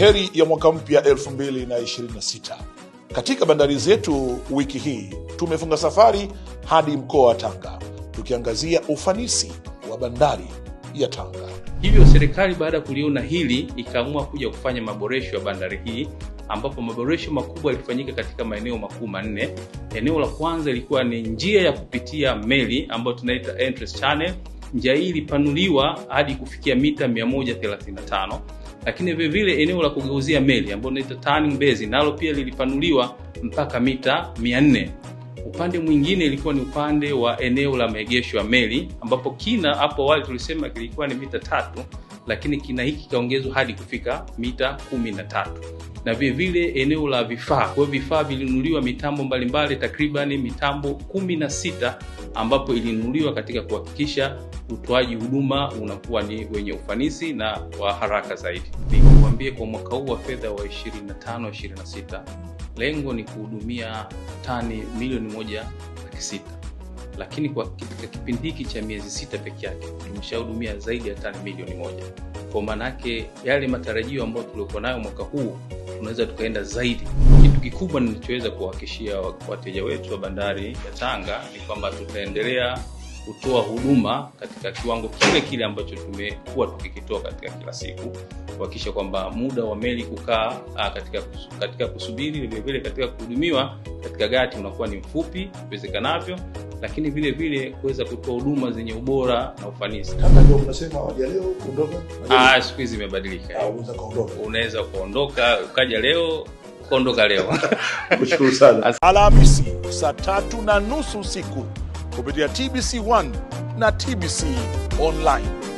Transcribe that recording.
heri ya mwaka mpya 2026. Katika bandari zetu wiki hii tumefunga safari hadi mkoa wa Tanga tukiangazia ufanisi wa bandari ya Tanga. Hivyo serikali baada ya kuliona hili ikaamua kuja kufanya maboresho ya bandari hii ambapo maboresho makubwa yalifanyika katika maeneo makuu manne. Eneo la kwanza ilikuwa ni njia ya kupitia meli ambayo tunaita entrance channel. Njia hii ilipanuliwa hadi kufikia mita 135 lakini vile vile eneo la kugeuzia meli ambalo linaitwa turning base nalo pia lilipanuliwa mpaka mita 400. Upande mwingine ilikuwa ni upande wa eneo la maegesho ya meli ambapo kina hapo awali tulisema kilikuwa ni mita tatu lakini kina hiki kikaongezwa hadi kufika mita kumi na tatu na vilevile eneo la vifaa. Kwa vifaa vilinunuliwa mitambo mbalimbali takribani mitambo kumi na sita ambapo ilinunuliwa katika kuhakikisha utoaji huduma unakuwa ni wenye ufanisi na wa haraka zaidi. Nikuambie kwa mwaka huu wa fedha wa 25 26 lengo ni kuhudumia tani milioni moja laki sita lakini kwa katika kipindi hiki cha miezi sita peke yake tumeshahudumia zaidi ya tani milioni moja. Kwa maana yake yale matarajio ambayo tuliokuwa nayo mwaka huu tunaweza tukaenda zaidi. Kitu kikubwa ninachoweza kuwahakikishia wateja wetu wa bandari ya Tanga ni kwamba tutaendelea kutoa huduma katika kiwango kile kile ambacho tumekuwa tukikitoa katika kila siku, kuhakikisha kwamba muda wa meli kukaa ah, katika, katika kusubiri vilevile katika kuhudumiwa katika gati unakuwa ni mfupi iwezekanavyo lakini vile vile kuweza kutoa huduma zenye ubora na ufanisi. Kama ndio unasema waje leo kuondoka. Ah, siku hizi imebadilika, ah, unaweza kuondoka ukaja leo ukaondoka leo. Kushukuru sana. Alhamisi saa tatu na nusu usiku kupitia TBC 1 na TBC online.